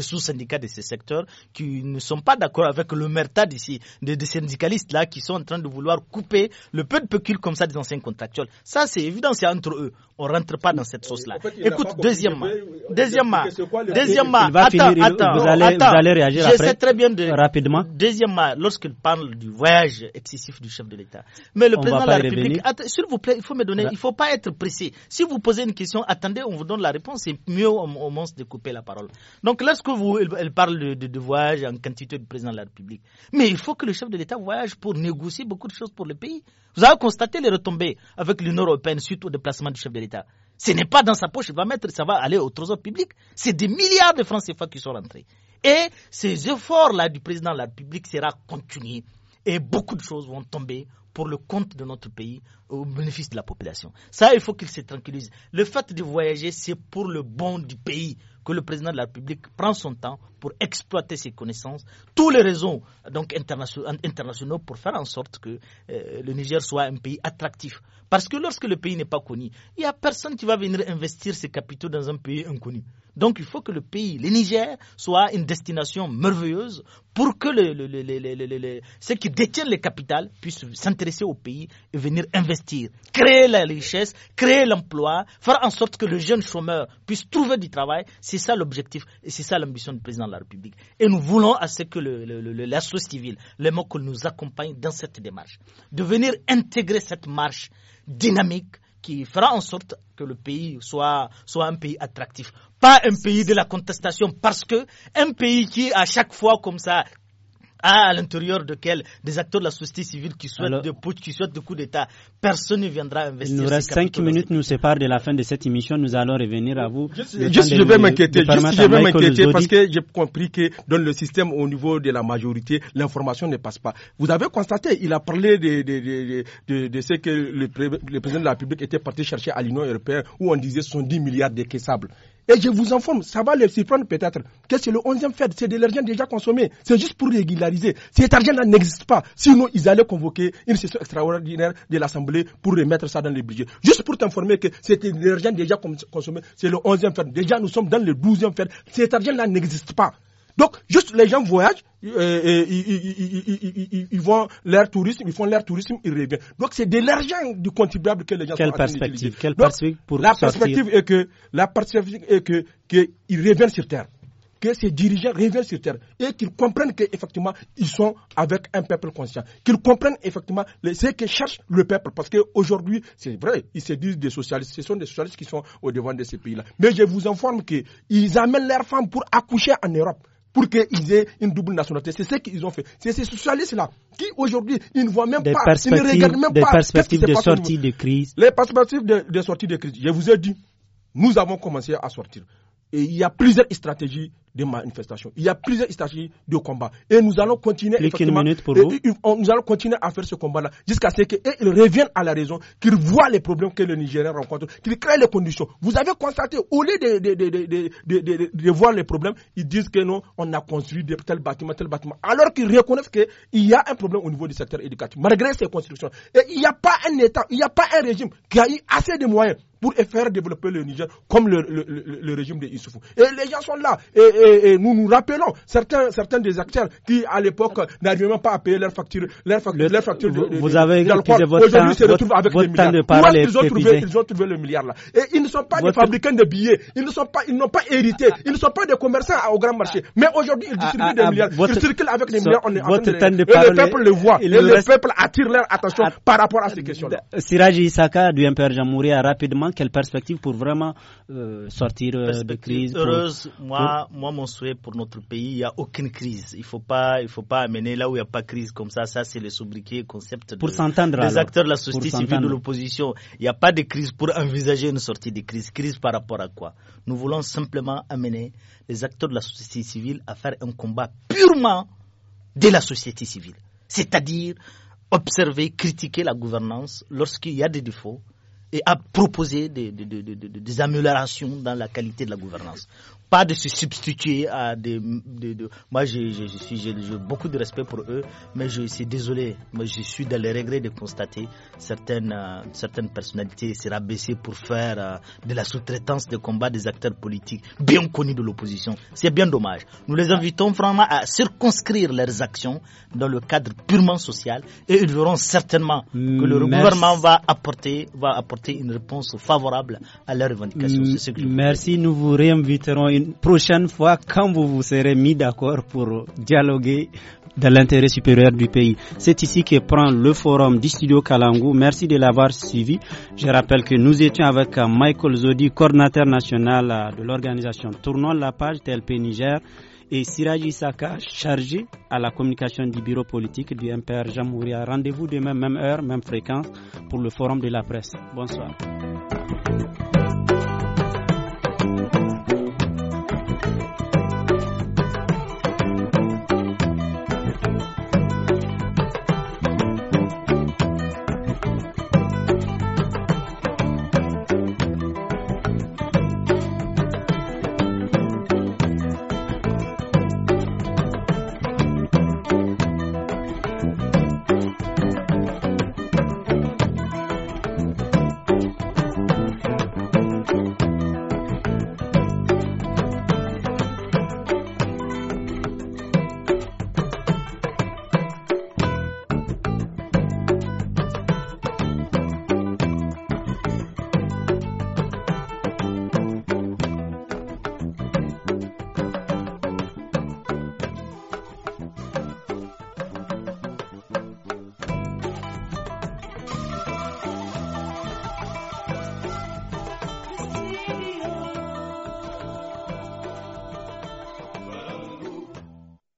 sous-syndicats de ces secteurs qui ne sont pas d'accord avec le merta d'ici, des syndicalistes là qui sont en train de vouloir couper le peu de pécule comme ça des anciens contractuels. Ça, c'est évident, c'est entre eux. On rentre pas dans cette euh, sauce-là. Écoute, deuxièmement, deuxièmement, deuxièmement, attends, attends, vous allez, réagir sais très bien de, rapidement. Deuxièmement, lorsqu'il parle du voyage excessif du chef de l'État. Mais le président de la République, s'il vous plaît, il faut me donner, bah. il ne faut pas être pressé. Si vous posez une question, attendez, on vous donne la réponse. C'est mieux au, moins de couper la parole. Donc lorsque vous, elle parle de, de, voyage en quantité du président de la République, mais il faut que le chef de l'État voyage pour négocier beaucoup de choses pour le pays. Vous avez constaté les retombées avec l'Union européenne suite au déplacement du chef de l'État. Ce n'est pas dans sa poche, va mettre, ça va aller au trésor public. C'est des milliards de francs CFA qui sont rentrés. Et ces efforts-là du président de la République sera continué et beaucoup de choses vont tomber pour le compte de notre pays au bénéfice de la population. Ça, il faut qu'il se tranquillise. Le fait de voyager, c'est pour le bon du pays que le président de la République prend son temps pour exploiter ses connaissances, tous les raisons donc, internationaux pour faire en sorte que euh, le Niger soit un pays attractif. Parce que lorsque le pays n'est pas connu, il n'y a personne qui va venir investir ses capitaux dans un pays inconnu. Donc il faut que le pays, le Niger, soit une destination merveilleuse pour que ceux qui détiennent les capitales puissent s'intéresser au pays et venir investir créer la richesse, créer l'emploi, faire en sorte que le jeune chômeur puisse trouver du travail, c'est ça l'objectif et c'est ça l'ambition du président de la République. Et nous voulons à ce que le, la société civile, les mots que nous accompagne dans cette démarche, de venir intégrer cette marche dynamique qui fera en sorte que le pays soit, soit un pays attractif. Pas un pays de la contestation, parce que un pays qui, à chaque fois comme ça, à l'intérieur de quel des acteurs de la société civile qui souhaitent de putsch, qui souhaitent de coup d'État. Personne ne viendra investir. Il nous reste cinq minutes, nous séparent de la fin de cette émission. Nous allons revenir à vous. Juste, je vais m'inquiéter. parce que j'ai compris que dans le système au niveau de la majorité, l'information ne passe pas. Vous avez constaté, il a parlé de, de, de, de ce que le, président de la République était parti chercher à l'Union européenne où on disait 10 milliards de caissables. Et je vous informe, ça va les surprendre peut-être. que c'est le 11e fait C'est de l'argent déjà consommé. C'est juste pour régulariser. Cet argent-là n'existe pas. Sinon, ils allaient convoquer une session extraordinaire de l'Assemblée pour remettre ça dans le budget. Juste pour t'informer que c'est de l'argent déjà consommé. C'est le 11e fait. Déjà, nous sommes dans le 12e fait. Cet argent-là n'existe pas. Donc, juste les gens voyagent, ils, vont tourisme, ils font leur tourisme, ils reviennent. Donc, c'est de l'argent du contribuable que les gens Quelle perspective Quelle perspective pour la perspective est que La perspective est que qu'ils reviennent sur Terre que ces dirigeants reviennent sur terre et qu'ils comprennent qu'effectivement, ils sont avec un peuple conscient, qu'ils comprennent effectivement ce que cherche le peuple. Parce qu'aujourd'hui, c'est vrai, ils se disent des socialistes, ce sont des socialistes qui sont au devant de ces pays-là. Mais je vous informe qu'ils amènent leurs femmes pour accoucher en Europe pour qu'ils aient une double nationalité. C'est ce qu'ils ont fait. C'est ces socialistes-là qui aujourd'hui, ils ne voient même pas, ils ne regardent même des pas. Perspectives de sortie de crise. Les perspectives de, de sortie de crise. Je vous ai dit, nous avons commencé à sortir. Et il y a plusieurs stratégies des manifestations. Il y a plusieurs stratégies de combat. Et nous allons continuer, nous allons continuer à faire ce combat-là jusqu'à ce qu'ils reviennent à la raison, qu'ils voient les problèmes que le Nigerien rencontre, qu'ils créent les conditions. Vous avez constaté, au lieu de, voir les problèmes, ils disent que non, on a construit de tel bâtiment, tel bâtiment. Alors qu'ils reconnaissent qu'il y a un problème au niveau du secteur éducatif, malgré ces constructions. Et il n'y a pas un État, il n'y a pas un régime qui a eu assez de moyens pour faire développer le Niger comme le, régime de Issoufou. Et les gens sont là. et et, nous nous rappelons certains, certains des acteurs qui, à l'époque, n'arrivaient même pas à payer leurs factures. Leurs factures, leur facture vous, de, vous avez Aujourd'hui, se retrouvent avec des milliards. De Où ils, ont trouvé, ils ont le milliard là Et ils ne sont pas des fabricants de billets. Ils ne sont pas, ils n'ont pas hérité. Ah, ah, ils ne sont pas des commerçants au grand marché. Ah. Mais aujourd'hui, ils distribuent des milliards. Ils circulent avec des milliards. On est en train de... de et le peuple le voit. Et, le, peuple attire leur attention par rapport à ces questions-là. Siraji Isaka du MPR Jamouria, rapidement, quelle perspective pour vraiment euh, sortir euh, de crise Heureuse, moi, moi, mon souhait pour notre pays, il n'y a aucune crise. Il ne faut, pas, il faut pas amener là où il n'y a pas de crise comme ça. Ça, c'est le sobriquet concept pour s'entendre, des acteurs de la société civile de l'opposition. Il n'y a pas de crise pour envisager une sortie de crise. Crise par rapport à quoi Nous voulons simplement amener les acteurs de la société civile à faire un combat purement de la société civile. C'est-à-dire observer, critiquer la gouvernance lorsqu'il y a des défauts et à proposer des, des, améliorations dans la qualité de la gouvernance pas de se substituer à des. Moi, j'ai je, suis, beaucoup de respect pour eux, mais je suis désolé. Moi, je suis dans les regret de constater certaines, euh, certaines personnalités se rabaisser pour faire euh, de la sous-traitance de combat des acteurs politiques bien connus de l'opposition. C'est bien dommage. Nous les invitons vraiment à circonscrire leurs actions dans le cadre purement social et ils verront certainement que le gouvernement va apporter, va apporter une réponse favorable à leurs revendications. Ce que Merci. Nous vous réinviterons une prochaine fois quand vous vous serez mis d'accord pour dialoguer dans l'intérêt supérieur du pays. C'est ici que prend le forum du studio Kalangou. Merci de l'avoir suivi. Je rappelle que nous étions avec Michael Zodi, coordinateur national de l'organisation Tournons la page TLP Niger et Siraji Saka, chargé à la communication du bureau politique du MPR Jamouria. Rendez-vous demain, même heure, même fréquence, pour le forum de la presse. Bonsoir.